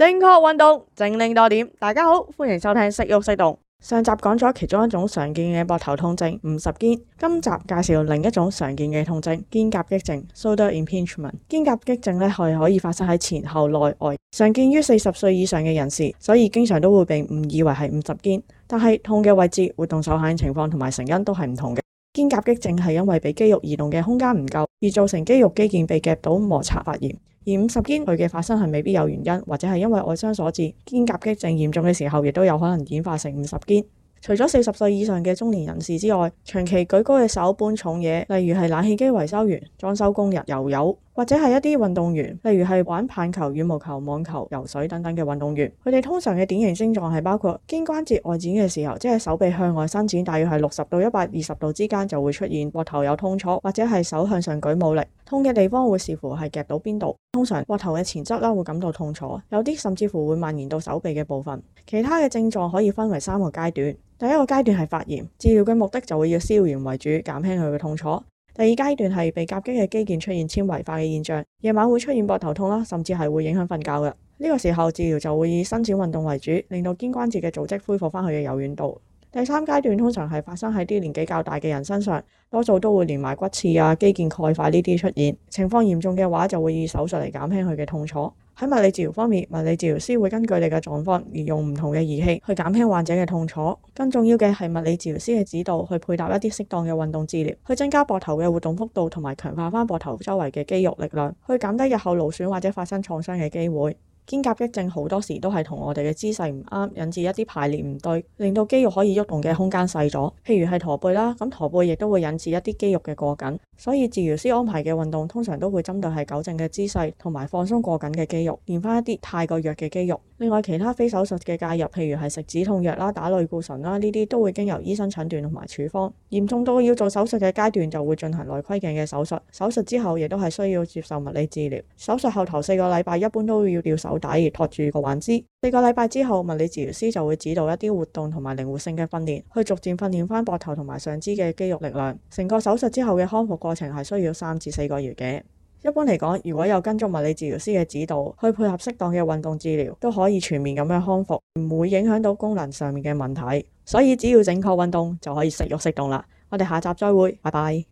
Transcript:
正確運動正令多點，大家好，歡迎收聽食肉細動。上集講咗其中一種常見嘅膊頭痛症，五十肩。今集介紹另一種常見嘅痛症，肩胛激症 s o d e r impingement）。肩胛激症咧係可以發生喺前後內外，常見於四十歲以上嘅人士，所以經常都會被誤以為係五十肩。但係痛嘅位置、活動受限情況同埋成因都係唔同嘅。肩胛激症係因為俾肌肉移動嘅空間唔夠，而造成肌肉肌腱被夾到摩擦發炎。五十肩佢嘅發生係未必有原因，或者係因為外傷所致。肩夾擊症嚴重嘅時候，亦都有可能演化成五十肩。除咗四十歲以上嘅中年人士之外，長期舉高嘅手搬重嘢，例如係冷氣機維修員、裝修工人、油友，或者係一啲運動員，例如係玩棒球、羽毛球、網球、游水等等嘅運動員，佢哋通常嘅典型症狀係包括肩關節外展嘅時候，即係手臂向外伸展，大約係六十到一百二十度之間，就會出現膊頭有痛楚，或者係手向上舉冇力。痛嘅地方會視乎係夾到邊度，通常膊頭嘅前側啦，會感到痛楚，有啲甚至乎會蔓延到手臂嘅部分。其他嘅症狀可以分為三個階段，第一個階段係發炎，治療嘅目的就會要消炎為主，減輕佢嘅痛楚。第二階段係被夾擊嘅肌腱出現纖維化嘅現象，夜晚會出現膊頭痛啦，甚至係會影響瞓覺嘅。呢、這個時候治療就會以伸展運動為主，令到肩關節嘅組織恢復翻佢嘅柔軟度。第三階段通常係發生喺啲年紀較大嘅人身上，多數都會連埋骨刺啊、肌腱鈣化呢啲出現。情況嚴重嘅話，就會以手術嚟減輕佢嘅痛楚。喺物理治療方面，物理治療師會根據你嘅狀況而用唔同嘅儀器去減輕患者嘅痛楚。更重要嘅係物理治療師嘅指導去配搭一啲適當嘅運動治療，去增加膊頭嘅活動幅度同埋強化返膊頭周圍嘅肌肉力量，去減低日後勞損或者發生創傷嘅機會。肩夾擊症好多時候都係同我哋嘅姿勢唔啱，引致一啲排列唔對，令到肌肉可以喐動嘅空間細咗。譬如係駝背啦，咁駝背亦都會引致一啲肌肉嘅過緊。所以治療師安排嘅運動通常都會針對係糾正嘅姿勢，同埋放鬆過緊嘅肌肉，練翻一啲太過弱嘅肌肉。另外，其他非手術嘅介入，譬如係食止痛藥啦、打類固醇啦，呢啲都會經由醫生診斷同埋處方。嚴重到要做手術嘅階段，就會進行內窺鏡嘅手術。手術之後，亦都係需要接受物理治療。手術後頭四個禮拜，一般都要吊手帶，托住個患肢。四個禮拜之後，物理治療師就會指導一啲活動同埋靈活性嘅訓練，去逐漸訓練翻膊頭同埋上肢嘅肌肉力量。成個手術之後嘅康復過程係需要三至四個月嘅。一般嚟講，如果有跟足物理治療師嘅指導，去配合適當嘅運動治療，都可以全面咁樣康復，唔會影響到功能上面嘅問題。所以只要正確運動，就可以識郁適動啦。我哋下集再會，拜拜。